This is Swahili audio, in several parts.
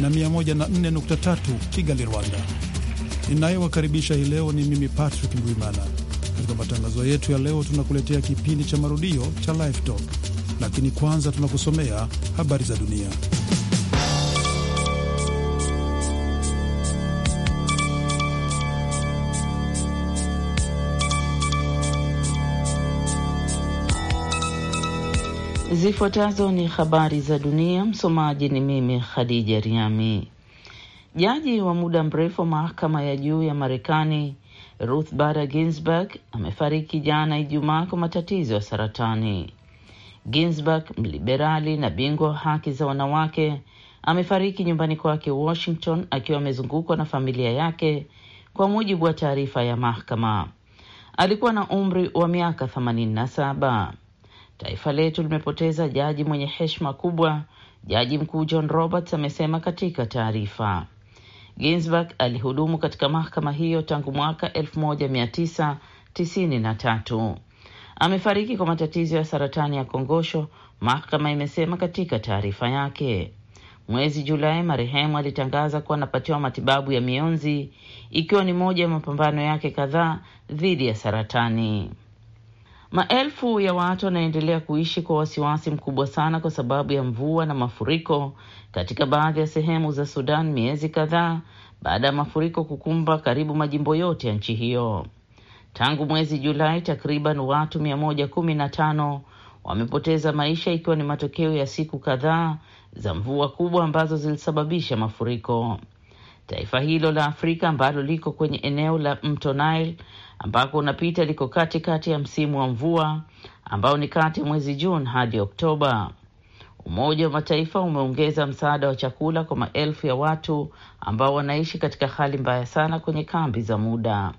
na 104.3 Kigali, Rwanda. Ninayewakaribisha hii leo ni mimi Patrick Ndwimana. Katika matangazo yetu ya leo, tunakuletea kipindi cha marudio cha Live Talk, lakini kwanza tunakusomea habari za dunia. Zifuatazo ni habari za dunia. Msomaji ni mimi Khadija Riami. Jaji wa muda mrefu wa mahakama ya juu ya Marekani Ruth Bader Ginsburg amefariki jana Ijumaa kwa matatizo ya saratani. Ginsburg, mliberali na bingwa wa haki za wanawake, amefariki nyumbani kwake Washington akiwa amezungukwa na familia yake, kwa mujibu wa taarifa ya mahakama. Alikuwa na umri wa miaka 87. Taifa letu limepoteza jaji mwenye heshima kubwa, jaji mkuu John Roberts amesema katika taarifa. Ginsburg alihudumu katika mahakama hiyo tangu mwaka 1993. Amefariki kwa matatizo ya saratani ya kongosho, mahakama imesema katika taarifa yake. Mwezi Julai, marehemu alitangaza kuwa anapatiwa matibabu ya mionzi, ikiwa ni moja ya mapambano yake kadhaa dhidi ya saratani. Maelfu ya watu wanaendelea kuishi kwa wasiwasi mkubwa sana kwa sababu ya mvua na mafuriko katika baadhi ya sehemu za Sudan, miezi kadhaa baada ya mafuriko kukumba karibu majimbo yote ya nchi hiyo. Tangu mwezi Julai, takriban watu 115 wamepoteza maisha ikiwa ni matokeo ya siku kadhaa za mvua kubwa ambazo zilisababisha mafuriko. Taifa hilo la Afrika ambalo liko kwenye eneo la mto Nile ambako unapita liko katikati kati ya msimu wa mvua ambao ni kati ya mwezi Juni hadi Oktoba. Umoja wa Mataifa umeongeza msaada wa chakula kwa maelfu ya watu ambao wanaishi katika hali mbaya sana kwenye kambi za muda.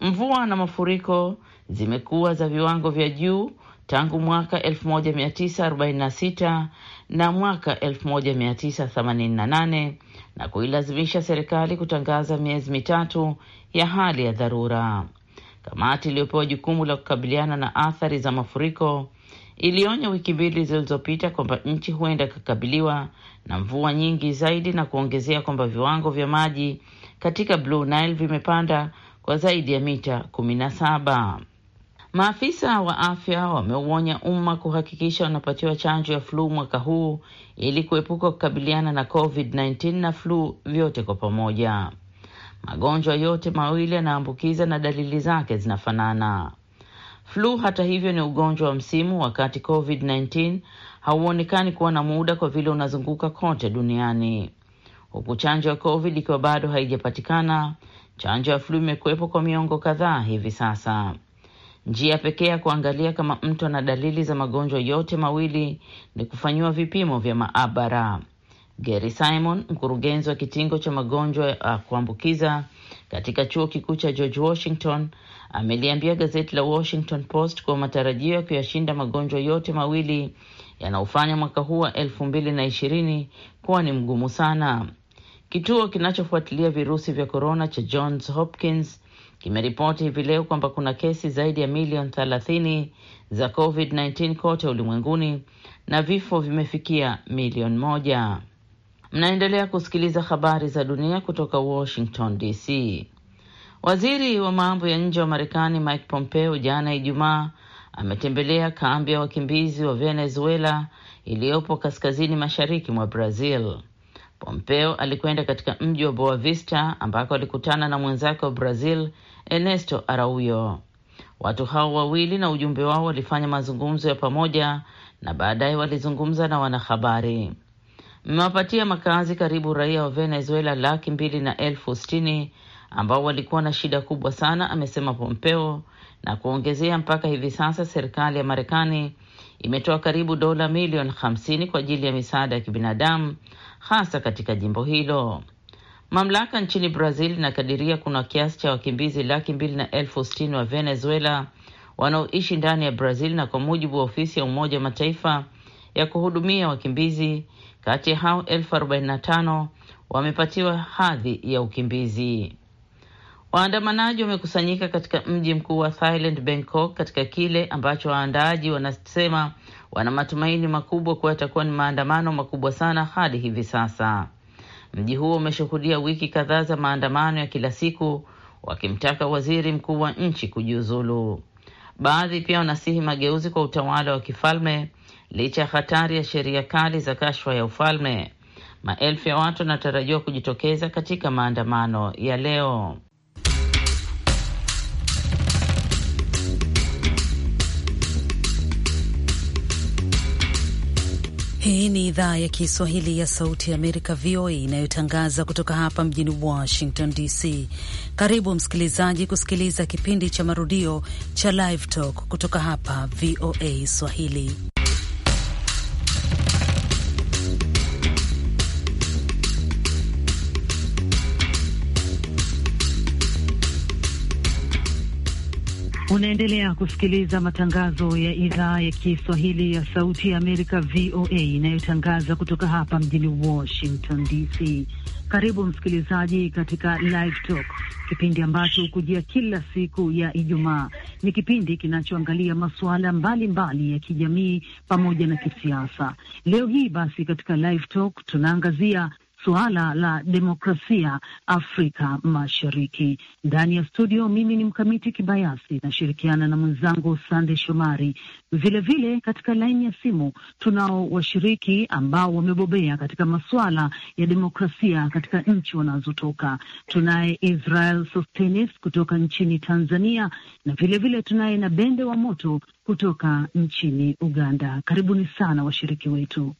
Mvua na mafuriko zimekuwa za viwango vya juu tangu mwaka 1946 na mwaka 1988 na kuilazimisha serikali kutangaza miezi mitatu ya hali ya dharura. Kamati iliyopewa jukumu la kukabiliana na athari za mafuriko ilionya wiki mbili zilizopita kwamba nchi huenda ikakabiliwa na mvua nyingi zaidi na kuongezea kwamba viwango vya maji katika Blue Nile vimepanda kwa zaidi ya mita kumi na saba. Maafisa wa afya wameuonya umma kuhakikisha wanapatiwa chanjo ya flu mwaka huu ili kuepuka kukabiliana na COVID-19 na flu vyote kwa pamoja. Magonjwa yote mawili yanaambukiza na dalili zake zinafanana. Flu hata hivyo ni ugonjwa wa msimu, wakati COVID-19 hauonekani kuwa na muda kwa vile unazunguka kote duniani. Huku chanjo ya COVID ikiwa bado haijapatikana, chanjo ya flu imekuwepo kwa miongo kadhaa hivi sasa. Njia pekee ya kuangalia kama mtu ana dalili za magonjwa yote mawili ni kufanyiwa vipimo vya maabara. Gary Simon, mkurugenzi wa kitingo cha magonjwa ya kuambukiza katika chuo kikuu cha George Washington, ameliambia gazeti la Washington Post kuwa matarajio ya kuyashinda magonjwa yote mawili yanaofanya mwaka huu wa elfu mbili na ishirini kuwa ni mgumu sana. Kituo kinachofuatilia virusi vya korona cha Johns Hopkins kimeripoti hivi leo kwamba kuna kesi zaidi ya milioni thelathini za COVID-19 kote ulimwenguni na vifo vimefikia milioni moja. Mnaendelea kusikiliza habari za dunia kutoka Washington DC. Waziri wa mambo ya nje wa Marekani Mike Pompeo jana Ijumaa ametembelea kambi ya wakimbizi wa Venezuela iliyopo kaskazini mashariki mwa Brazil. Pompeo alikwenda katika mji wa Boa Vista ambako alikutana na mwenzake wa Brazil Ernesto Araujo. Watu hao wawili na ujumbe wao walifanya mazungumzo ya pamoja na baadaye walizungumza na wanahabari. Mmewapatia makazi karibu raia wa Venezuela laki mbili na elfu sitini ambao walikuwa na shida kubwa sana, amesema Pompeo na kuongezea, mpaka hivi sasa serikali ya Marekani imetoa karibu dola milioni 50 kwa ajili ya misaada ya kibinadamu hasa katika jimbo hilo. Mamlaka nchini Brazil inakadiria kuna kiasi cha wakimbizi laki mbili na elfu sitini wa Venezuela wanaoishi ndani ya Brazil, na kwa mujibu wa ofisi ya Umoja wa Mataifa ya kuhudumia wakimbizi, kati ya hao elfu arobaini na tano wamepatiwa hadhi ya ukimbizi. Waandamanaji wamekusanyika katika mji mkuu wa Thailand, Bangkok, katika kile ambacho waandaaji wanasema wana matumaini makubwa kuwa yatakuwa ni maandamano makubwa sana hadi hivi sasa. Mji huo umeshuhudia wiki kadhaa za maandamano ya kila siku wakimtaka waziri mkuu wa nchi kujiuzulu. Baadhi pia wanasihi mageuzi kwa utawala wa kifalme licha ya hatari ya sheria kali za kashfa ya ufalme. Maelfu ya watu wanatarajiwa kujitokeza katika maandamano ya leo. Hii ni idhaa ya Kiswahili ya Sauti ya Amerika, VOA, inayotangaza kutoka hapa mjini Washington DC. Karibu msikilizaji kusikiliza kipindi cha marudio cha Live Talk kutoka hapa VOA Swahili. Unaendelea kusikiliza matangazo ya idhaa ya Kiswahili ya Sauti ya Amerika, VOA, inayotangaza kutoka hapa mjini Washington DC. Karibu msikilizaji katika Live Talk, kipindi ambacho hukujia kila siku ya Ijumaa. Ni kipindi kinachoangalia masuala mbalimbali ya kijamii pamoja na kisiasa. Leo hii basi, katika Live Talk tunaangazia suala la demokrasia Afrika Mashariki. Ndani ya studio, mimi ni Mkamiti Kibayasi, nashirikiana na mwenzangu Sande Shomari. Vilevile katika laini ya simu tunao washiriki ambao wamebobea katika masuala ya demokrasia katika nchi wanazotoka. Tunaye Israel Sostenis kutoka nchini Tanzania na vilevile tunaye na Bende wa Moto kutoka nchini Uganda. Karibuni sana washiriki wetu.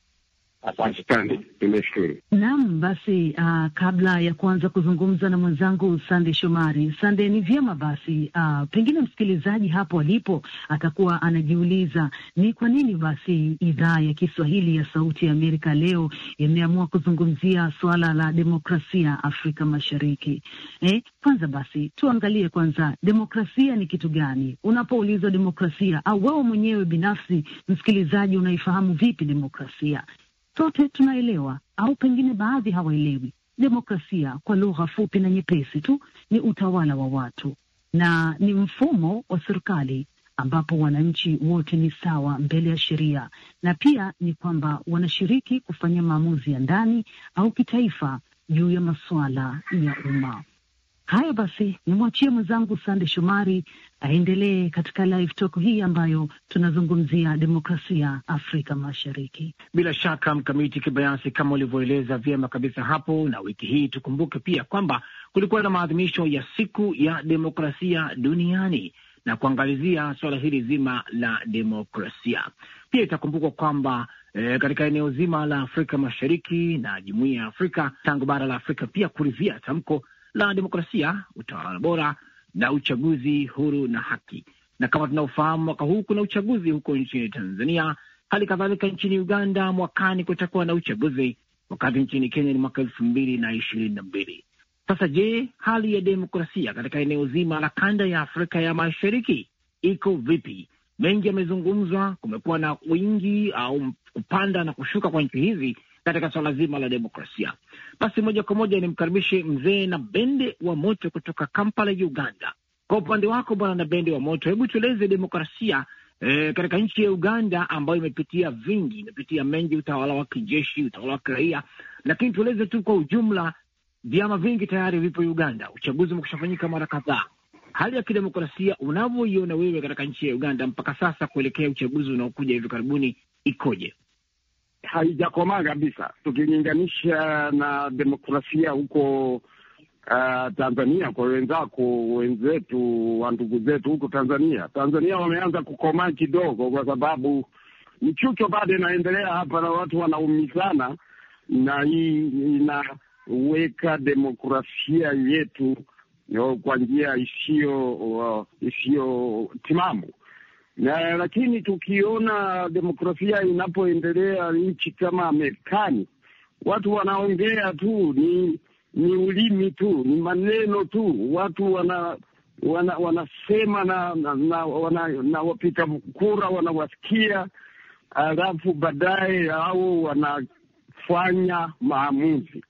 Asante sana, nimeshukuru. Naam, basi uh, kabla ya kuanza kuzungumza na mwenzangu Sande Shomari, Sande, ni vyema basi, uh, pengine msikilizaji hapo alipo atakuwa anajiuliza ni kwa nini basi idhaa ya Kiswahili ya Sauti ya Amerika leo imeamua kuzungumzia suala la demokrasia Afrika Mashariki. Eh, kwanza basi tuangalie kwanza demokrasia ni kitu gani. Unapoulizwa demokrasia, au wewe mwenyewe binafsi msikilizaji, unaifahamu vipi demokrasia? Sote tunaelewa au pengine baadhi hawaelewi. Demokrasia kwa lugha fupi na nyepesi tu ni utawala wa watu na ni mfumo wa serikali ambapo wananchi wote ni sawa mbele ya sheria, na pia ni kwamba wanashiriki kufanya maamuzi ya ndani au kitaifa juu ya masuala ya umma. Haya basi, nimwachie mwenzangu Sande Shomari aendelee katika live talk hii ambayo tunazungumzia demokrasia Afrika Mashariki. Bila shaka Mkamiti Kibayasi, kama ulivyoeleza vyema kabisa hapo, na wiki hii tukumbuke pia kwamba kulikuwa na maadhimisho ya siku ya demokrasia duniani na kuangalizia suala hili zima la demokrasia. Pia itakumbukwa kwamba e, katika eneo zima la Afrika Mashariki na jumuiya ya Afrika tangu bara la Afrika pia kuridhia tamko la demokrasia, utawala bora na uchaguzi huru na haki. Na kama tunavyofahamu, mwaka huu kuna uchaguzi huko nchini Tanzania, hali kadhalika nchini Uganda mwakani kutakuwa na uchaguzi, wakati nchini Kenya ni mwaka elfu mbili na ishirini na mbili. Sasa je, hali ya demokrasia katika eneo zima la kanda ya Afrika ya Mashariki iko vipi? Mengi yamezungumzwa, kumekuwa na wingi au kupanda na kushuka kwa nchi hizi katika swala zima la demokrasia. Basi moja kwa moja nimkaribishe mzee na bende wa moto kutoka Kampala, Uganda. Kwa upande wako bwana na bende wa moto, hebu tueleze demokrasia e, katika nchi ya Uganda ambayo imepitia vingi, imepitia mengi, utawala wa kijeshi, utawala wa kiraia, lakini tueleze tu kwa ujumla, vyama vingi tayari vipo Uganda, uchaguzi umekushafanyika mara kadhaa hali ya kidemokrasia unavyoiona wewe katika nchi ya Uganda mpaka sasa kuelekea uchaguzi unaokuja hivi karibuni ikoje? haijakomaa kabisa, tukilinganisha na demokrasia huko uh, Tanzania, kwa wenzako wenzetu wa ndugu zetu huko Tanzania. Tanzania wameanza kukomaa kidogo, kwa sababu michucho bado inaendelea hapa na watu wanaumizana, na hii inaweka demokrasia yetu uh, kwa njia isiyo uh, isiyo timamu na lakini tukiona demokrasia inapoendelea nchi kama Marekani, watu wanaongea tu, ni ni ulimi tu, ni maneno tu, watu wana wana wanasema na, na, na, wana, na wapita kura wanawasikia, alafu baadaye au wanafanya maamuzi.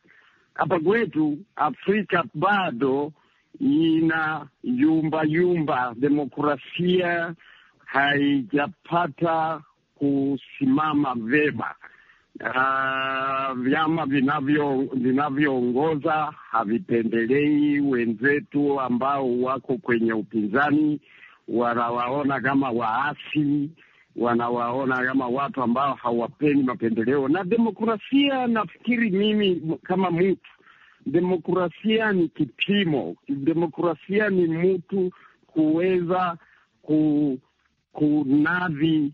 Hapa kwetu Afrika bado ina yumba yumba, demokrasia haijapata kusimama vyema. Uh, vyama vinavyoongoza havipendelei wenzetu ambao wako kwenye upinzani, wanawaona kama waasi, wanawaona kama watu ambao hawapendi mapendeleo na demokrasia. Nafikiri mimi kama mtu, demokrasia ni kipimo, demokrasia ni mtu kuweza ku kunadhi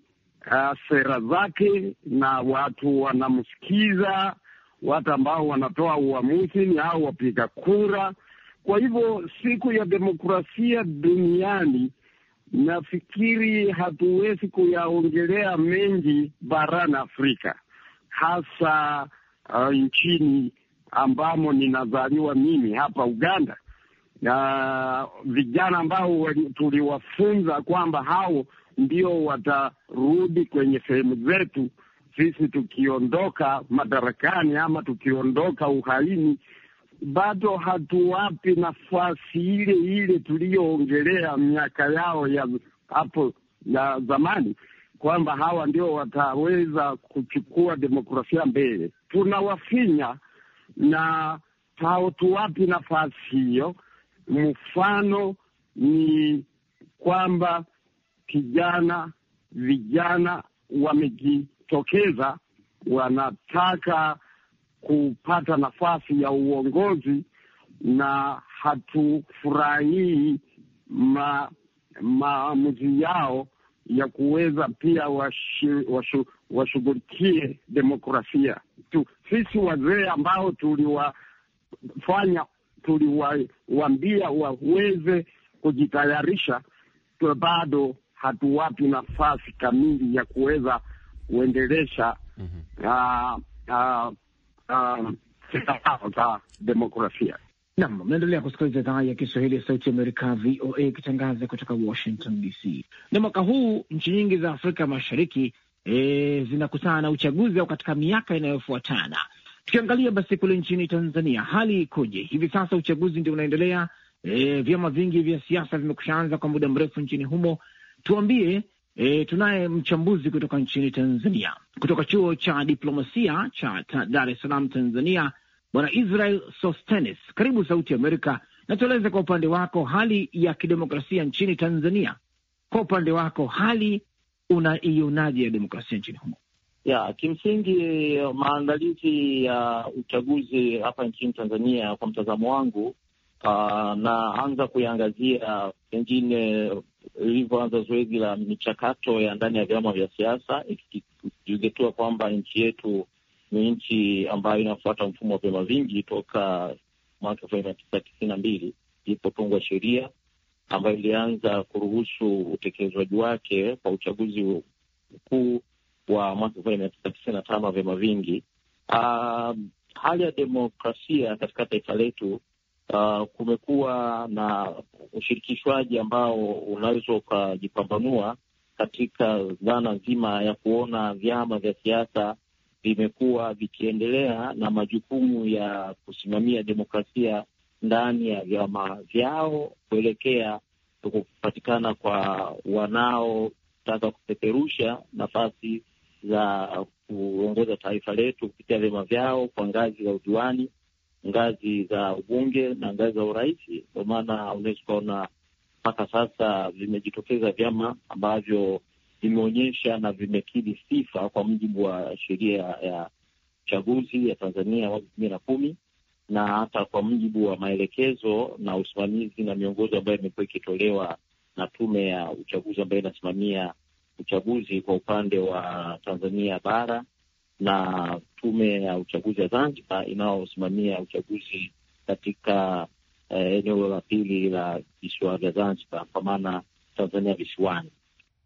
uh, sera zake na watu wanamsikiza. Watu ambao wanatoa uamuzi ni hao wapiga kura. Kwa hivyo siku ya demokrasia duniani nafikiri hatuwezi kuyaongelea mengi barani Afrika, hasa uh, nchini ambamo ninazaliwa mimi hapa Uganda, na vijana ambao tuliwafunza kwamba hao ndio watarudi kwenye sehemu zetu sisi tukiondoka madarakani ama tukiondoka uhaini, bado hatuwapi nafasi ile ile tuliyoongelea miaka yao ya hapo ya zamani, kwamba hawa ndio wataweza kuchukua demokrasia mbele. Tunawafinya na hatuwapi nafasi hiyo. Mfano ni kwamba kijana, vijana wamejitokeza, wanataka kupata nafasi ya uongozi, na hatufurahii maamuzi yao ya kuweza pia washughulikie washu, demokrasia tu. Sisi wazee ambao tuliwafanya tuliwaambia waweze kujitayarisha, bado hatuwapi nafasi kamili ya kuweza kuendelesha mm zao ah, ah, ah, za demokrasia. Nam, mnaendelea kusikiliza idhaa ya Kiswahili ya Sauti Amerika, VOA, ikitangaza kutoka Washington DC. Na mwaka huu nchi nyingi za Afrika Mashariki e, zinakutana na uchaguzi au katika miaka inayofuatana. Tukiangalia basi kule nchini Tanzania, hali ikoje hivi sasa? Uchaguzi ndio unaendelea. E, vyama vingi vya siasa vimekushaanza kwa muda mrefu nchini humo, Tuambie e, tunaye mchambuzi kutoka nchini Tanzania, kutoka chuo cha diplomasia cha Dar es Salaam Tanzania, Bwana Israel Sostenes, karibu Sauti ya Amerika Natueleze kwa upande wako hali ya kidemokrasia nchini Tanzania. Kwa upande wako hali unaionaje ya demokrasia nchini humo? Ya, kimsingi eh, maandalizi ya uh, uchaguzi hapa nchini Tanzania kwa mtazamo wangu uh, naanza kuiangazia pengine ilivyoanza zoezi la michakato ya ndani ya vyama vya siasa, ikizingatia kwamba nchi yetu ni nchi ambayo inafuata mfumo wa vyama vingi toka mwaka elfu moja mia tisa tisini na mbili ilipotungwa sheria ambayo ilianza kuruhusu utekelezwaji wake kwa uchaguzi mkuu wa mwaka elfu moja mia tisa tisini na tano wa vyama vingi. Uh, hali ya demokrasia katika taifa letu uh, kumekuwa na ushirikishwaji ambao unaweza ukajipambanua katika dhana nzima ya kuona vyama vya siasa vimekuwa vikiendelea na majukumu ya kusimamia demokrasia ndani ya vyama vyao kuelekea kupatikana kwa wanaotaka kupeperusha nafasi za kuongoza taifa letu kupitia vyama vyao kwa ngazi za udiwani ngazi za ubunge na ngazi za urais. Kwa maana unaweza ukaona mpaka sasa vimejitokeza vyama ambavyo vimeonyesha na vimekidhi sifa kwa mujibu wa sheria ya uchaguzi ya Tanzania ya elfu mbili na kumi na hata kwa mujibu wa maelekezo na usimamizi na miongozo ambayo imekuwa ikitolewa na tume ya uchaguzi ambayo inasimamia uchaguzi kwa upande wa Tanzania bara na tume ya uchaguzi ya Zanzibar inayosimamia uchaguzi katika eh, eneo la pili la visiwa vya Zanzibar, kwa maana Tanzania visiwani.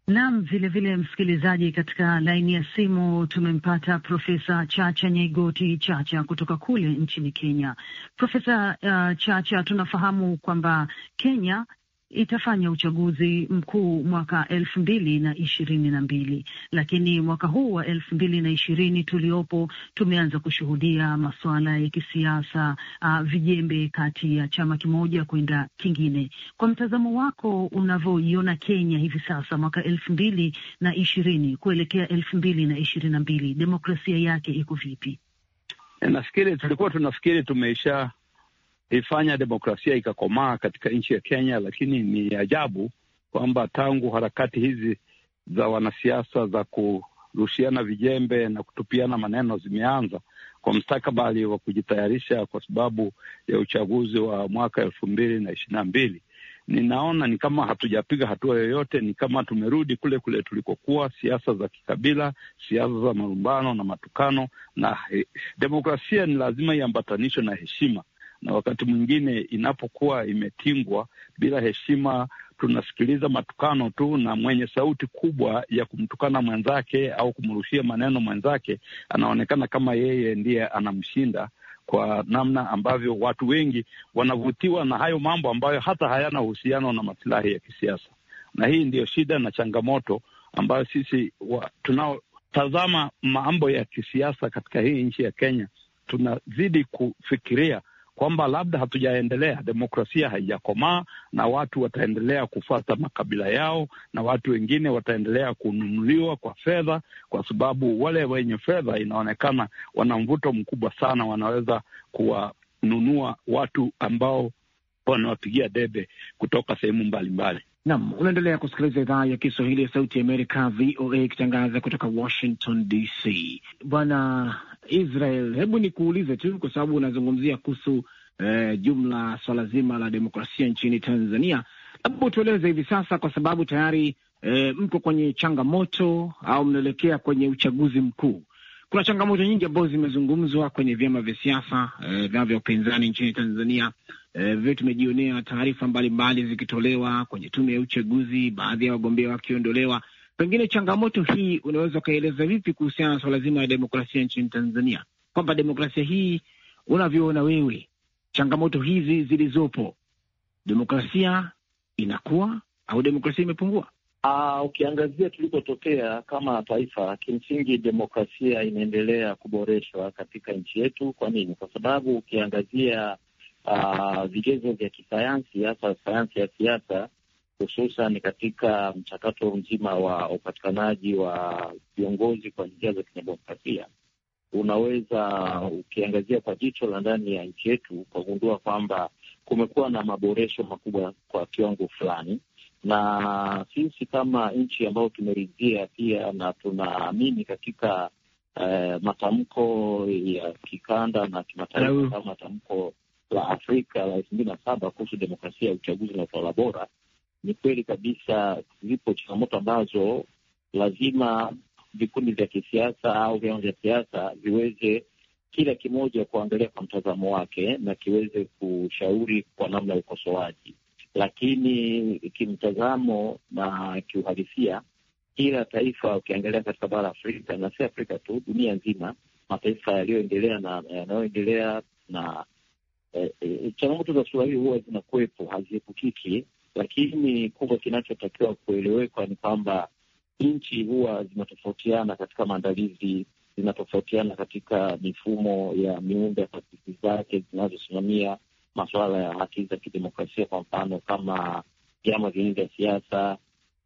Naam, vilevile msikilizaji, katika laini ya simu tumempata Profesa Chacha Nyaigoti Chacha kutoka kule nchini Kenya. Profesa uh, Chacha, tunafahamu kwamba Kenya itafanya uchaguzi mkuu mwaka elfu mbili na ishirini na mbili, lakini mwaka huu wa elfu mbili na ishirini tuliopo tumeanza kushuhudia masuala ya kisiasa uh, vijembe kati ya chama kimoja kwenda kingine. Kwa mtazamo wako unavyoiona Kenya hivi sasa mwaka elfu mbili na ishirini kuelekea elfu mbili na ishirini na mbili, demokrasia yake iko vipi? Nafikiri tulikuwa tunafikiri tumeisha ifanya demokrasia ikakomaa katika nchi ya Kenya, lakini ni ajabu kwamba tangu harakati hizi za wanasiasa za kurushiana vijembe na kutupiana maneno zimeanza kwa mstakabali wa kujitayarisha kwa sababu ya uchaguzi wa mwaka elfu mbili na ishirini na mbili, ninaona ni kama hatujapiga hatua yoyote. Ni kama tumerudi kule kule tulikokuwa, siasa za kikabila, siasa za marumbano na matukano. Na he, demokrasia ni lazima iambatanishwe na heshima na wakati mwingine inapokuwa imetingwa bila heshima, tunasikiliza matukano tu, na mwenye sauti kubwa ya kumtukana mwenzake au kumrushia maneno mwenzake anaonekana kama yeye ndiye anamshinda kwa namna ambavyo watu wengi wanavutiwa na hayo mambo ambayo hata hayana uhusiano na masilahi ya kisiasa. Na hii ndiyo shida na changamoto ambayo sisi tunaotazama mambo ya kisiasa katika hii nchi ya Kenya tunazidi kufikiria kwamba labda hatujaendelea, demokrasia haijakomaa, na watu wataendelea kufuata makabila yao, na watu wengine wataendelea kununuliwa kwa fedha, kwa sababu wale wenye fedha inaonekana wana mvuto mkubwa sana, wanaweza kuwanunua watu ambao wanawapigia debe kutoka sehemu mbalimbali. Nam, unaendelea kusikiliza idhaa ya Kiswahili ya Sauti ya Amerika, VOA, ikitangaza kutoka Washington DC. Bwana Israel, hebu nikuulize tu kwa sababu unazungumzia kuhusu eh, jumla swala zima la demokrasia nchini Tanzania, labda utueleze hivi sasa, kwa sababu tayari eh, mko kwenye changamoto au mnaelekea kwenye uchaguzi mkuu. Kuna changamoto nyingi ambazo zimezungumzwa kwenye vyama vya siasa, eh, vyama vya upinzani nchini Tanzania. Eh, vile tumejionea taarifa mbalimbali zikitolewa kwenye tume ya uchaguzi, baadhi ya wagombea wakiondolewa Pengine changamoto hii unaweza ukaeleza vipi kuhusiana na swala zima ya demokrasia nchini Tanzania, kwamba demokrasia hii unavyoona wewe, changamoto hizi zilizopo, demokrasia inakuwa au demokrasia imepungua? Uh, ukiangazia tulikotokea kama taifa, kimsingi demokrasia inaendelea kuboreshwa katika nchi yetu. Kwa nini? Kwa sababu ukiangazia ah, vigezo vya kisayansi, hasa sayansi ya siasa hususan katika mchakato mzima wa upatikanaji wa viongozi kwa njia za kidemokrasia, unaweza ukiangazia kwa jicho la ndani ya nchi yetu ukagundua kwamba kumekuwa na maboresho makubwa kwa kiwango fulani, na sisi kama nchi ambayo tumeridhia pia na tunaamini katika uh, matamko ya kikanda na kimataifa kama matamko la Afrika la elfu mbili na saba kuhusu demokrasia ya uchaguzi na utawala bora ni kweli kabisa, zipo changamoto ambazo lazima vikundi vya kisiasa au vyama vya siasa viweze kila kimoja kuangalia kwa mtazamo wake na kiweze kushauri kwa namna ya ukosoaji, lakini kimtazamo na kiuhalisia, kila taifa ukiangalia katika bara Afrika na si Afrika tu, dunia nzima, mataifa yaliyoendelea na yanayoendelea na eh, eh, changamoto za sura hii huwa zinakuwepo, haziepukiki lakini kubwa kinachotakiwa kuelewekwa ni kwamba nchi huwa zinatofautiana katika maandalizi, zinatofautiana katika mifumo ya miundo ya taasisi zake zinazosimamia masuala ya haki za kidemokrasia, kwa mfano kama vyama vingi vya siasa,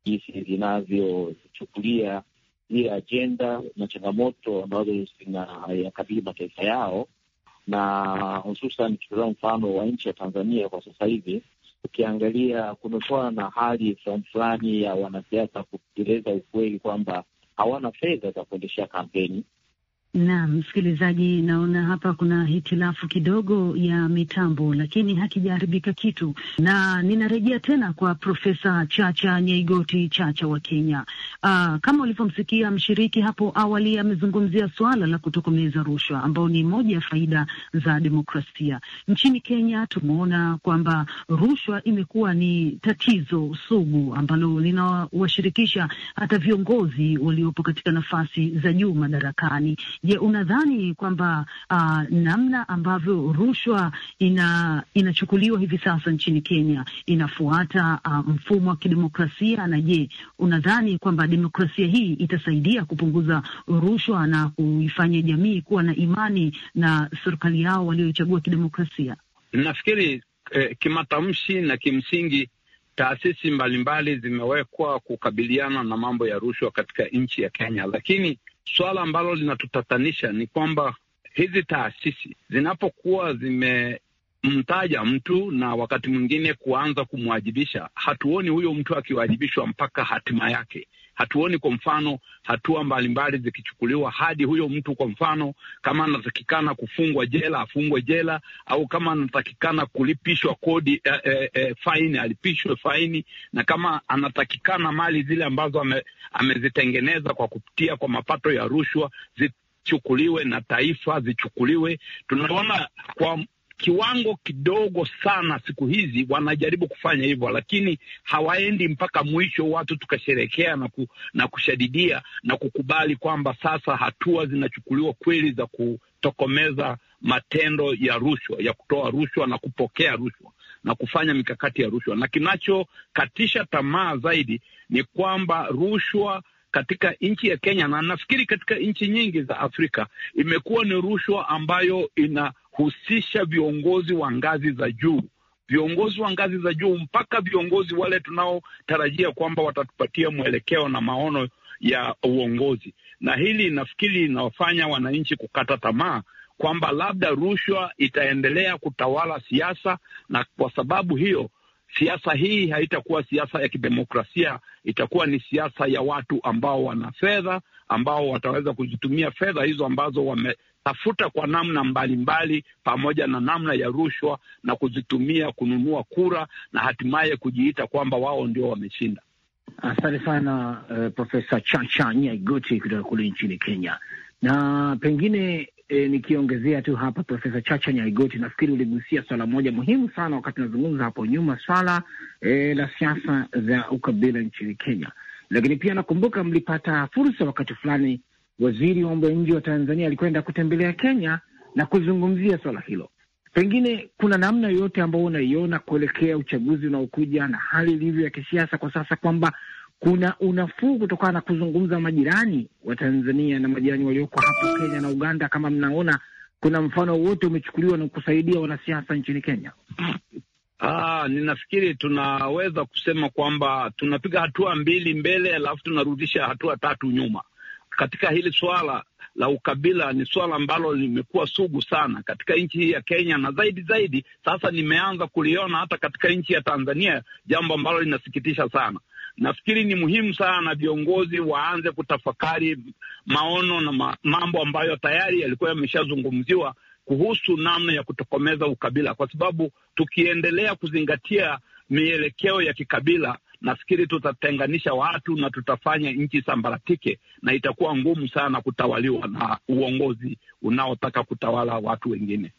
jinsi zinavyochukulia hii ajenda na changamoto ambazo zinayakabili mataifa yao, na hususan tukitoa mfano wa nchi ya Tanzania kwa sasa hivi ukiangalia kumekuwa na hali fulani fulani ya wanasiasa kutekeleza ukweli kwamba hawana fedha za kuendeshea kampeni Naam, msikilizaji, naona hapa kuna hitilafu kidogo ya mitambo, lakini hakijaharibika kitu, na ninarejea tena kwa Profesa Chacha Nyaigoti Chacha wa Kenya. Aa, ah, kama ulivyomsikia mshiriki hapo awali, amezungumzia suala la kutokomeza rushwa ambao ni moja ya faida za demokrasia nchini Kenya. Tumeona kwamba rushwa imekuwa ni tatizo sugu ambalo linawashirikisha hata viongozi waliopo katika nafasi za juu madarakani Je, unadhani kwamba uh, namna ambavyo rushwa ina, inachukuliwa hivi sasa nchini Kenya inafuata uh, mfumo wa kidemokrasia? Na je, unadhani kwamba demokrasia hii itasaidia kupunguza rushwa na kuifanya jamii kuwa na imani na serikali yao walioichagua kidemokrasia? Nafikiri eh, kimatamshi na kimsingi taasisi mbalimbali zimewekwa kukabiliana na mambo ya rushwa katika nchi ya Kenya, lakini Swala ambalo linatutatanisha ni kwamba hizi taasisi zinapokuwa zimemtaja mtu na wakati mwingine kuanza kumwajibisha, hatuoni huyo mtu akiwajibishwa mpaka hatima yake hatuoni kwa mfano hatua mbalimbali zikichukuliwa hadi huyo mtu, kwa mfano, kama anatakikana kufungwa jela afungwe jela, au kama anatakikana kulipishwa kodi eh, eh, eh, faini alipishwe faini, na kama anatakikana mali zile ambazo ame, amezitengeneza kwa kupitia kwa mapato ya rushwa zichukuliwe na taifa zichukuliwe. Tunaona kwa kiwango kidogo sana siku hizi wanajaribu kufanya hivyo, lakini hawaendi mpaka mwisho, watu tukasherekea na, ku, na kushadidia na kukubali kwamba sasa hatua zinachukuliwa kweli za kutokomeza matendo ya rushwa, ya kutoa rushwa na kupokea rushwa na kufanya mikakati ya rushwa. Na kinachokatisha tamaa zaidi ni kwamba rushwa katika nchi ya Kenya na nafikiri katika nchi nyingi za Afrika imekuwa ni rushwa ambayo inahusisha viongozi wa ngazi za juu viongozi wa ngazi za juu mpaka viongozi wale tunaotarajia kwamba watatupatia mwelekeo na maono ya uongozi. Na hili nafikiri inawafanya wananchi kukata tamaa kwamba labda rushwa itaendelea kutawala siasa, na kwa sababu hiyo siasa hii haitakuwa siasa ya kidemokrasia, itakuwa ni siasa ya watu ambao wana fedha, ambao wataweza kuzitumia fedha hizo ambazo wametafuta kwa namna mbalimbali, pamoja na namna ya rushwa, na kuzitumia kununua kura na hatimaye kujiita kwamba wao ndio wameshinda. Asante sana uh, Profesa Chacha Nyaigoti kutoka kule nchini Kenya. Na pengine e, nikiongezea tu hapa, Profesa Chacha Nyaigoti, nafikiri uligusia swala moja muhimu sana wakati unazungumza hapo nyuma, swala e, la siasa za ukabila nchini Kenya. Lakini pia nakumbuka mlipata fursa wakati fulani, waziri wa mambo ya nje wa Tanzania alikwenda kutembelea Kenya na kuzungumzia swala hilo. Pengine kuna namna yoyote ambayo unaiona kuelekea uchaguzi unaokuja na hali ilivyo ya kisiasa kwa sasa, kwamba kuna unafuu kutokana na kuzungumza majirani wa Tanzania na majirani walioko hapo Kenya na Uganda. Kama mnaona kuna mfano wote umechukuliwa na kusaidia wanasiasa nchini Kenya? Ah, ninafikiri tunaweza kusema kwamba tunapiga hatua mbili mbele, alafu tunarudisha hatua tatu nyuma. Katika hili swala la ukabila, ni swala ambalo limekuwa sugu sana katika nchi hii ya Kenya, na zaidi zaidi sasa nimeanza kuliona hata katika nchi ya Tanzania, jambo ambalo linasikitisha sana. Nafikiri ni muhimu sana na viongozi waanze kutafakari maono na ma, mambo ambayo tayari yalikuwa yameshazungumziwa kuhusu namna ya kutokomeza ukabila, kwa sababu tukiendelea kuzingatia mielekeo ya kikabila, nafikiri tutatenganisha watu na tutafanya nchi sambaratike, na itakuwa ngumu sana kutawaliwa na uongozi unaotaka kutawala watu wengine.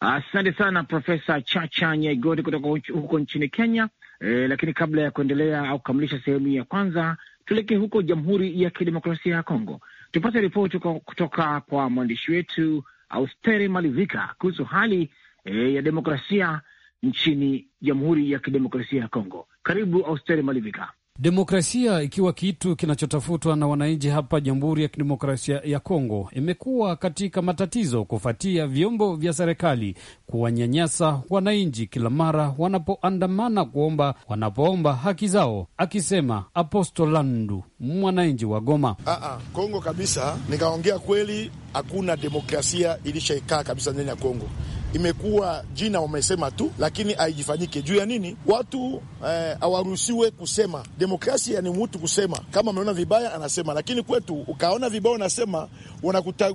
Asante sana Profesa Chacha Nyaigoti kutoka huko nchini Kenya. E, lakini kabla ya kuendelea au kukamilisha sehemu ya kwanza, tuelekee huko Jamhuri ya Kidemokrasia ya Kongo tupate ripoti kutoka kwa mwandishi wetu Austeri Malivika kuhusu hali e, ya demokrasia nchini Jamhuri ya Kidemokrasia ya Kongo. Karibu Austeri Malivika. Demokrasia ikiwa kitu kinachotafutwa na wananchi hapa Jamhuri ya Kidemokrasia ya Kongo imekuwa katika matatizo kufuatia vyombo vya serikali kuwanyanyasa wananchi kila mara wanapoandamana kuomba wanapoomba haki zao, akisema Apostolandu mwananchi wa Goma. Aa, ah, ah, Kongo kabisa, nikaongea kweli, hakuna demokrasia ilishaikaa kabisa ndani ya Kongo imekuwa jina wamesema tu, lakini haijifanyike juu ya nini? Watu eh, hawaruhusiwe eh, kusema. Demokrasia ni mtu kusema, kama ameona vibaya anasema, lakini kwetu ukaona vibaya unasema,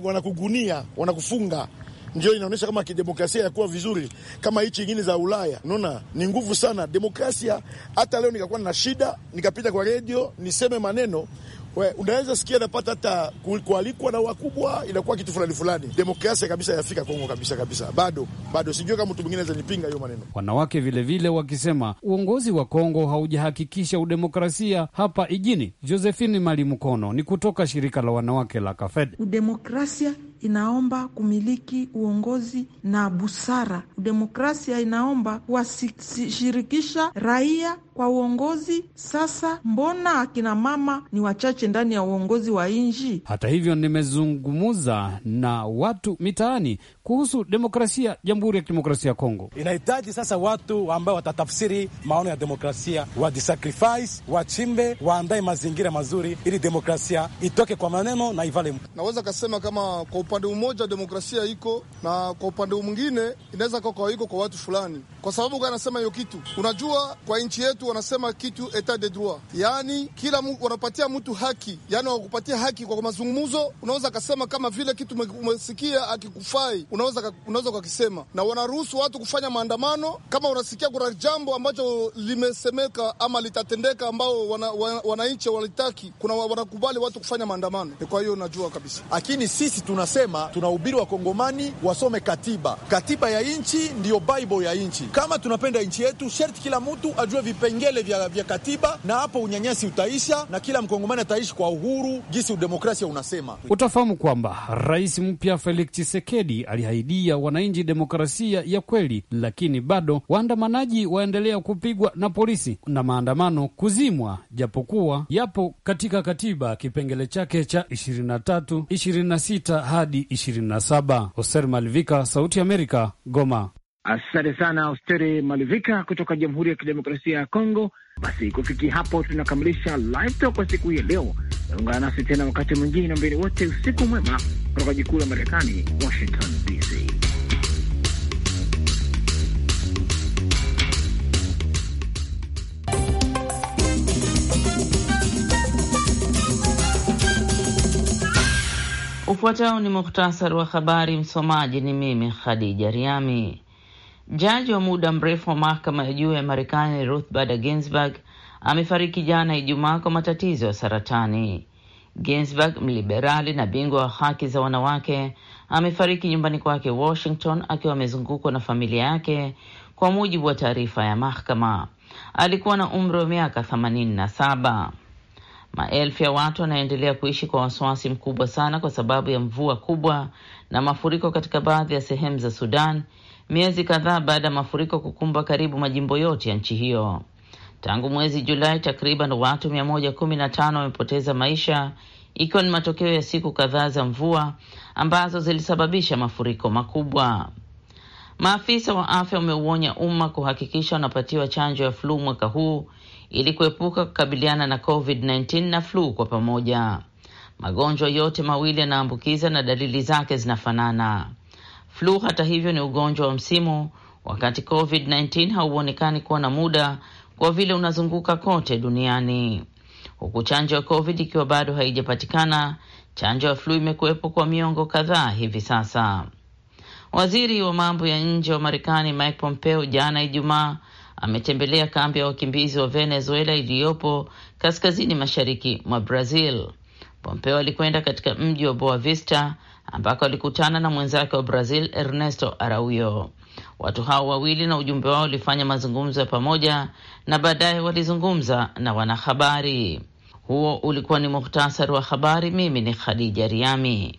wanakugunia, wanakufunga ndio inaonyesha kama kidemokrasia yakuwa vizuri kama hichi ingine za Ulaya. Unaona, ni nguvu sana demokrasia. Hata leo nikakuwa na shida, nikapita kwa redio niseme maneno, We, unaweza sikia napata hata kualikwa na wakubwa inakuwa kitu fulani fulani. Demokrasia kabisa yafika Kongo kabisa kabisa, bado bado, sijui kama mtu mwingine ananipinga hiyo maneno. Wanawake vilevile wakisema uongozi wa Kongo haujahakikisha udemokrasia hapa ijini. Josephine Malimukono ni kutoka shirika la wanawake la Kafed. Udemokrasia inaomba kumiliki uongozi na busara. Udemokrasia inaomba kuwashirikisha raia kwa uongozi. Sasa mbona akina mama ni wachache ndani ya uongozi wa nji Hata hivyo, nimezungumza na watu mitaani kuhusu demokrasia. Jamhuri ya Kidemokrasia ya Kongo inahitaji sasa watu ambao watatafsiri maono ya demokrasia, wajisacrifice, wachimbe, waandae mazingira mazuri ili demokrasia itoke kwa maneno na ivale. Naweza kasema kama kwa upande mmoja demokrasia iko na kwa upande mwingine inaweza kwa kawaiko kwa watu fulani, kwa sababu gani anasema hiyo kitu? Unajua, kwa nchi yetu wanasema kitu etat de droit, yani kila wanapatia mtu haki, yani wakupatia haki kwa mazungumzo. Unaweza kasema kama vile kitu umesikia akikufai unaweza unaweza ukakisema, na wanaruhusu watu kufanya maandamano. Kama unasikia kuna jambo ambacho limesemeka ama litatendeka ambao wananchi wana, wana walitaki, kuna wanakubali watu kufanya maandamano. Kwa hiyo najua kabisa, lakini sisi tunasema tunahubiri wakongomani wasome katiba. Katiba ya nchi ndiyo bible ya nchi. Kama tunapenda nchi yetu, sherti kila mtu ajue vipengele vya, vya katiba, na hapo unyanyasi utaisha na kila mkongomani ataishi kwa uhuru, jinsi udemokrasia unasema. Utafahamu kwamba rais mpya Felix Tshisekedi ali aliahidia wananchi demokrasia ya kweli, lakini bado waandamanaji waendelea kupigwa na polisi na maandamano kuzimwa, japokuwa yapo katika katiba kipengele chake cha 23, 26 hadi 27. Hoser Malivika, Sauti ya Amerika, Goma. Asante sana Hosteri Malivika kutoka Jamhuri ya Kidemokrasia ya Kongo. Basi kufikia hapo tunakamilisha live talk kwa siku hii ya leo. Naungana nasi tena wakati mwingine na mbele wote, usiku mwema kutoka jikuu la Marekani, Washington DC. Ufuatao ni muhtasari wa habari. Msomaji ni mimi Khadija Riami. Jaji wa muda mrefu wa mahakama ya juu ya Marekani Ruth Bader Ginsburg amefariki jana Ijumaa kwa matatizo ya saratani. Ginsburg, mliberali na bingwa wa haki za wanawake, amefariki nyumbani kwake Washington akiwa amezungukwa na familia yake, kwa mujibu wa taarifa ya mahakama. Alikuwa na umri wa miaka themanini na saba. Maelfu ya watu wanaendelea kuishi kwa wasiwasi mkubwa sana kwa sababu ya mvua kubwa na mafuriko katika baadhi ya sehemu za Sudan miezi kadhaa baada ya mafuriko kukumba karibu majimbo yote ya nchi hiyo. Tangu mwezi Julai, takriban watu 115 wamepoteza maisha ikiwa ni matokeo ya siku kadhaa za mvua ambazo zilisababisha mafuriko makubwa. Maafisa wa afya wameuonya umma kuhakikisha wanapatiwa chanjo ya flu mwaka huu ili kuepuka kukabiliana na COVID-19 na flu kwa pamoja. Magonjwa yote mawili yanaambukiza na dalili zake zinafanana. Flu hata hivyo ni ugonjwa wa msimu, wakati COVID-19 hauonekani kuwa na muda kwa vile unazunguka kote duniani. Huku chanjo ya COVID ikiwa bado haijapatikana, chanjo ya flu imekuwepo kwa miongo kadhaa hivi sasa. Waziri wa mambo ya nje wa Marekani Mike Pompeo jana Ijumaa ametembelea kambi ya wakimbizi wa Venezuela iliyopo kaskazini mashariki mwa Brazil. Pompeo alikwenda katika mji wa Boa Vista ambako alikutana na mwenzake wa Brazil Ernesto Araujo. Watu hao wawili na ujumbe wao walifanya mazungumzo ya pamoja na baadaye walizungumza na wanahabari. Huo ulikuwa ni muhtasari wa habari. Mimi ni Khadija Riami.